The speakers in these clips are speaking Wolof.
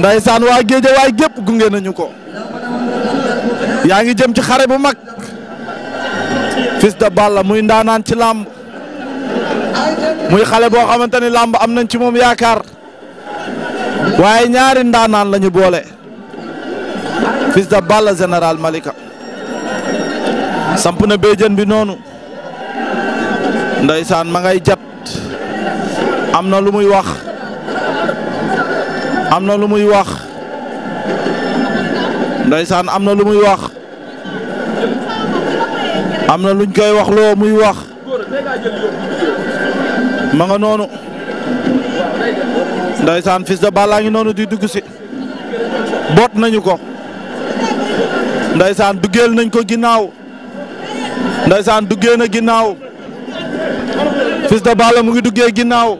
ndaysaan waa géeje waay gépp gunge nañu ko yaa ngi jëm ci xare bu mag Fils de Balla muy ndaanaan ci làmb muy xale boo xamante ni làmb am nañ ci moom yaakaar waaye ñaari ndaanaan lañu boole Fils de Balla général Malika samp na béjjën bi noonu ndaysaan ma ngay jat am na lu muy wax am na lu muy wax ndeysaan am na lu muy wax am na luñ koy wax loo muy wax ma nga noonu ndeysaan fis de Balla ngi noonu di dugg si boot nañu ko ndeysaan duggeel nañ ko ginnaaw ndeysaan duggee na ginnaaw Fils de baala mu ngi duggee ginnaaw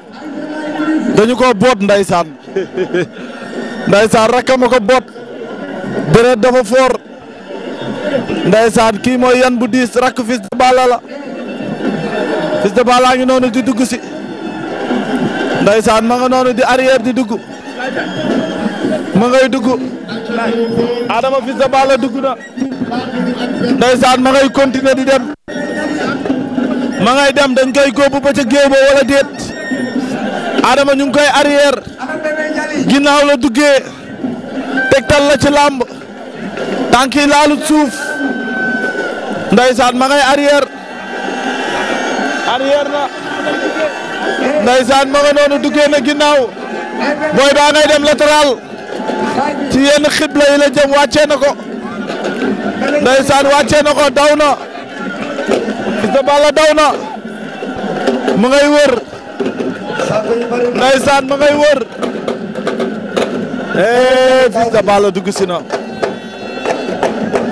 dañu ko boot ndeysaan ndaysaan rakkama ko boot deret dafa foor ndaysaan kii mooy yan bu diis rakk Fils de la Fils de ngi noonu di dugg si ndaysaan ma nga noonu di arrière di dugg ma ngay dugg Adama Fils de Balla dugg na ndaysaan ma ngay continuer di dem ma ngay dem dañ koy góobu ba ca géew ba wala Adama ñu ngi koy arrière ginnaaw la duggee tegtal la ci làmb tànk yi laalut suuf ndeysaan ma ngay arrière arrière na ndeysaan ma nga noonu duggee na ginnaaw booy baa ngay dem latéral ci yenn xibla yi la jëm na ko ndeysaan wàccee na ko daw na Fils de daw na mu ngay wër ndeysaan ma ngay wër eh Fils de Balla dugg si na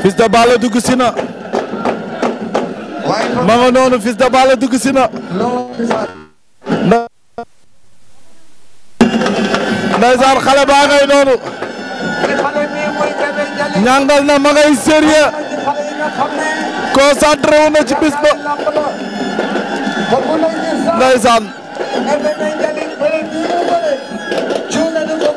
Fils de Balla na ma nga noonu Fils de Balla dugg si na ndeysaan xale baa noonu ñàngal na ma ngay sérieux concentré wu na ci bis ba ndeysaan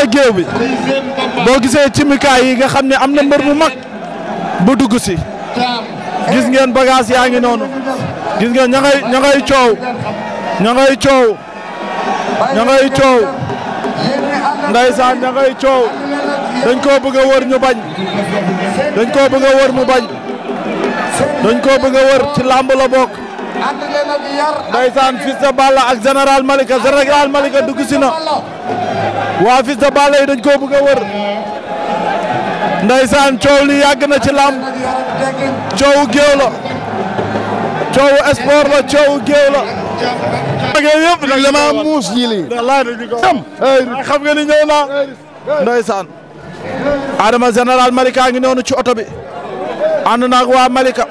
la géew bi boo gisee cimikaay yi nga xam ne am na mbër mu mag bu dugg si gis ngeen bagage yaa ngi noonu gis ngeen ña ngay ña coow ña coow ña coow ndaysaan ña ngay coow dañ koo bëgg a wër ñu bañ dañ koo bëgg wër mu bañ dañ koo bëgg wër ci làmb la bokk ndaysaan Fils de Balla ak général Malika général Malika dugg si na waa Fils de dañ koo bëgg a wër ndaysaan coow li na ci làmb coowu géew la coowu sport la coowu géew la. yëpp nag Adama général Malika ngi noonu ci oto bi ànd naag waa Malika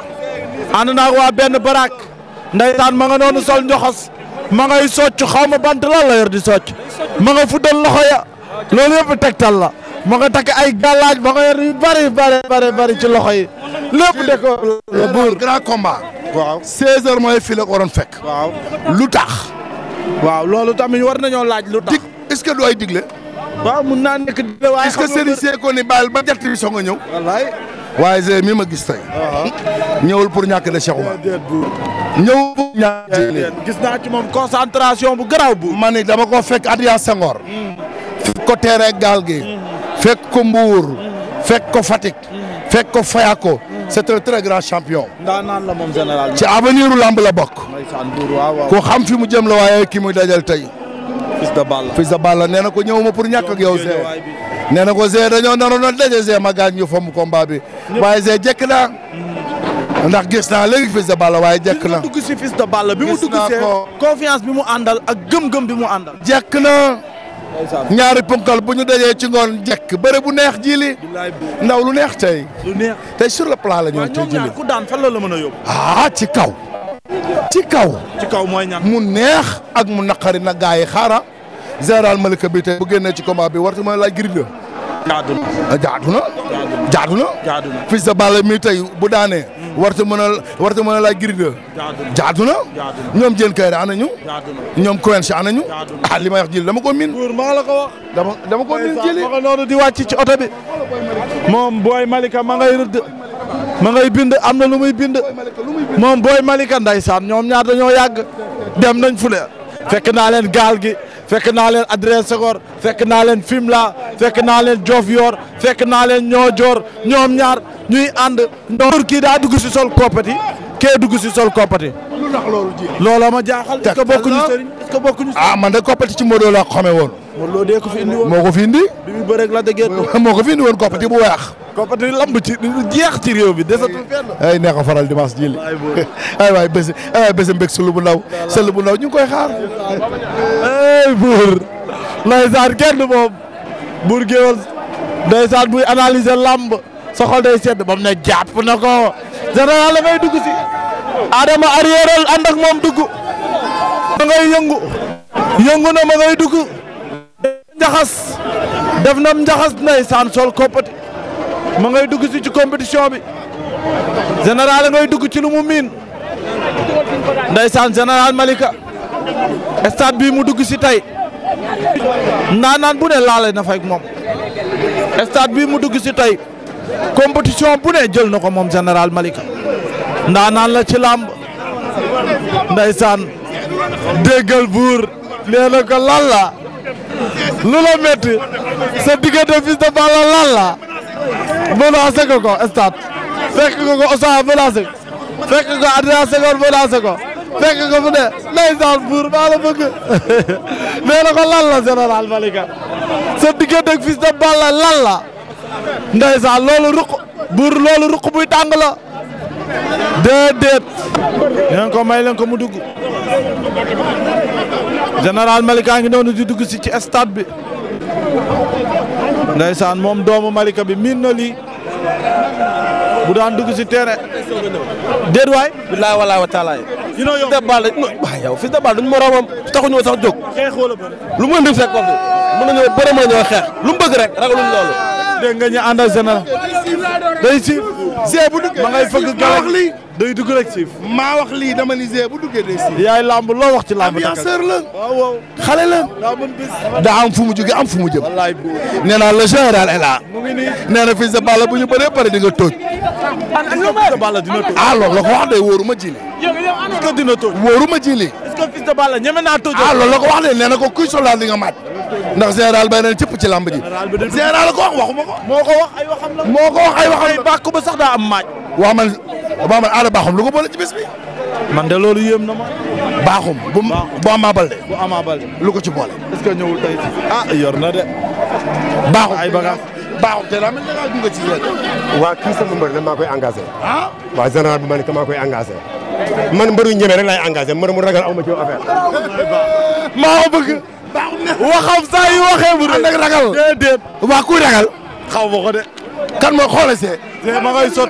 ànd naag waa benn baraak ndaysaan ma nga noonu sol njoxos ma ngay socc xaw ma bant lan la di socc. ma nga fuddal loxo ya loolu yëpp tegtal la moo nga takk ay gàllaaj ma nga yor yu bari bëri bëri ci loxo yi lépp de ko la buur grand combat waaw 16 heures mooy fii waroon fekk waaw lu tax waaw loolu tamit war nañoo laaj lu tax dig est-ce que du ay digle waaw mun naa nekk digle waaye est-ce que Serigne Seko ni baal ba jant bi soo nga waaye Zé mi ma gis tey. Uh-huh. ñëwul pour ñàkk de Cheikh Oumar. ñëwul pour ñàkk gis naa ci moom concentration bu garaaw bu. ma ni dama ko fekk Adja Senghor. Mm. fekk ko teere gaal gi. Mm. fekk ko Mbour. Mm. fekk ko Fatick. fekk ko Fayako. c'est un très grand champion. ndaanaan la moom général. ci avenir lamb la bokk. ko xam fi mu jëm la waaye ki muy dajal tey. fils de Balla fils de na ko ñëwuma pour ñàkk ak yow Zé. nee na ko Zé dañoo naroon a daje Zé ma gaañ ñu fomm combat bi waaye Zé jekk naa mm. ndax gis naa léegi Fils de Balla waaye jekk na. dugg si Fils de Balla bi mu dugg see confiance bi mu àndal ak gëm-gëm bi mu àndal. jekk na ñaari punkal bu ñu dajee ci ngoon jekk bëre bu neex jili ndaw lu neex tey. lu neex tey sur le plan la ñoom. tey jili ku daan fan la mën a yóbbu. ah ci kaw. kaw. ci kaw mooy ñaan mu neex ak mu naqari na gaa yi xaara général Malika bi tey bu génnee ci combat bi wartu ma laaj Gris ah, na jaadu na. jaadu na jaadu na. fils de mi tey bu daanee. Hmm. wartu mën a wartu mën a laaj Gris 2. jaadu na ñoom Diène Kaïré ana ñu. na ñoom Coenche ana ñu. ah li ma wax jël dama ko min buur maa la ko ko min jëli ma ko noonu di wàcc ci oto bi. moom booy Malika ma ngay rëdd. ma ngay bind am na lu muy bind moom booy Malika ndeysaan ñoom ñaar dañoo yàgg dem nañ fule fekk naa leen gaal gi fekk naa leen Adrien Senghor fekk naa leen laa fekk naa leen yoor fekk naa leen Niodior ñoom ñaar ñuy ànd. ñoom kii daa dugg si sol koppati kee dugg si sol koppati. lu loolu ji. ma jaaxal. est-ce que bokkuñu sëriñ est-ce que bokkuñu. ah man de koppati ci Modou xamee woon. Modou Lo dee ko fi indi woon moo ko fi indi. bi moo ko fi indi woon koppati bu weex. ko di lamb ci jeex ci réew bi desatul fenn. neex a faral dimanche jii lii ay waay bés ay bés mbég sulu bu ndaw sulu bu ndaw ñu koy xaar. ay buur ndeysaan kenn moom buur géwal ndeysaan buy analyser lamb soxol day sedd bam ne jàpp na ko général la ngay dugg si. Adama arriéral ànd ak moom dugg. ma ngay yëngu. yëngu na ma ngay dugg. njaxas def na njaxas ndeysaan sol koppati. ma ngay dugg si ci compétition bi général ngay dugg ci lu mu miin ndeysaan général Malika stade bi mu dugg ci tey naan bu ne laale na fay moom stade bi mu dugg ci tey compétition bu ne jël na ko moom général Malika ndaanaan la ci làmb ndeysaan déggal buur nee na ko lu la métti sa diggante fils de Balla lan menacé nga ko stade fekk nga ko Ousmane menacé fekk nga ko Adrien Senghor menacé ko fekk nga ko mu ne ndeysaan buur maa bëgg nee na ko lan la général Malika sa diggante ak Balla lan la ndeysaan loolu ruq buy tàng la déedéet neen ko may leen ko mu dugg général Malika ngi noonu di dugg si ci stade bi ndeysaan moom doomu Malika bi miin na lii bu daan dugg si terrain. déet waay. bilaay walaay wa taalaay. yi noo yow Fils de Balla waaw yow Fils de Balla duñu moroomam taxuñoo sax jóg. xeexoo lu mu indi fekk ko fi mën nañoo bëri xeex lu mu bëgg rek ragaluñ loolu. dégg nga ñu àndal day si. Zé bu dugg ma ngay fëgg galax day dugg rek siif. maa wax lii dama ni Zé bu duggee day siif. loo wax ci lamb nag ambianceur la. waaw la. daa mën bés. daa am fu mu jóge am fu mu jëm. wallaay bu nee naa le général est là. mu ngi nii nee na fii sa balla bu ñu bëree pare di nga tóoj. sa ah, wax de wóoruma ji li. est-ce dina tóoj. wóoruma ji li. est-ce que fils naa tóoj. Ah, la ko wax de nee na ko kuy soldat di nga maat. ndax général bay na ci lamb ji. général ko wax waxuma ko. moo ko wax ay waxam la. moo ko wax ay waxam sax daa am maaj. waa man Obama Ada Bakhoum boole ci bi. man de loolu yéem na ma. Bakhoum bu bu Ama Baldé. bu Ama ci boole. est-ce ah, de. Bakhoum ay bagages Bakhoum te daa mel ne ci yéen. waa kii sama mbër la maa koy ah? waa général bi ma ne que maa man mbëru ñeme rek laay engagé mu ragal aw ma ci affaire. maa ko bëgg. Bakhoum ne waxam saa yu waxee ragal. déedéet waa kuy ragal. xaw ma de. kan mooy xoolasee. ma ngay sot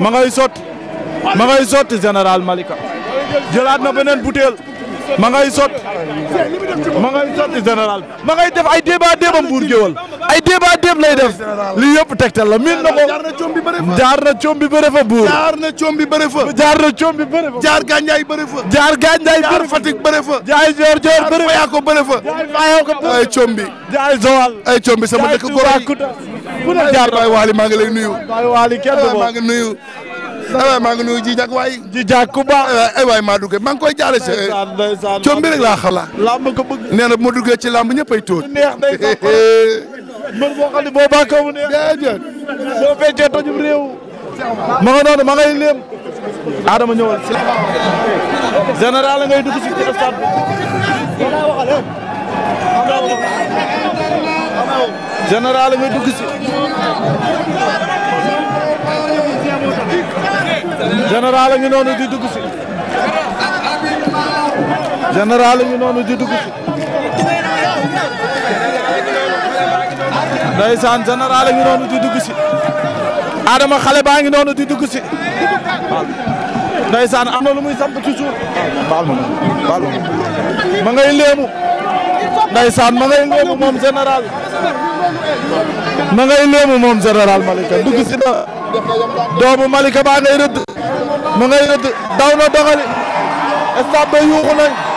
ma sot. ma ngay sotti général Malika jëlaat na beneen butéel ma ngay sotti ma ngay sotti général ma ngay def ay débat débam buur géwal ay débat déb lay def li yëpp tegtal la miin na ko jaar na coom bi fa buur jaar na coom bi bëre fa jaar na coom bi bëre fa jaar gànjaay bëre fa jaar gànjaay bëre Fatick bëre fa jaay joor joor bëre fa yaa ko bëre fa ay coom bi jaay Joal ay coom bi sama dëkk góor yi ku ne jaar waay waali maa ngi lay nuyu waali kenn nuyu aywaay eh, maa ngi nuyu ji waay ji jàkk ku eh, eh, maa duggee maa ngi koy jaale si coom bi lamb ko bëgg nee bu ma duggee ci lamb ñëppay tóot neex day mën boo xam ne boo bàkkoo mu neex déedéet soo ma nga noonu ma ngay léem Adama ñëwal si général ngay dugg si ci stade général a ngi noonu di dugg si général a ngi noonu di dugg si ndeysaan général a ngi noonu di dugg xale baa ngi noonu di dugg si ndeysaan am na muy samp ci suuf baal ma nga ma ma ngay ma ngay léemu moom général ma ngay léemu moom doomu Malika baa ngay rëdd ma ngay rëdd daw na dogali stade ba yuuxu nañ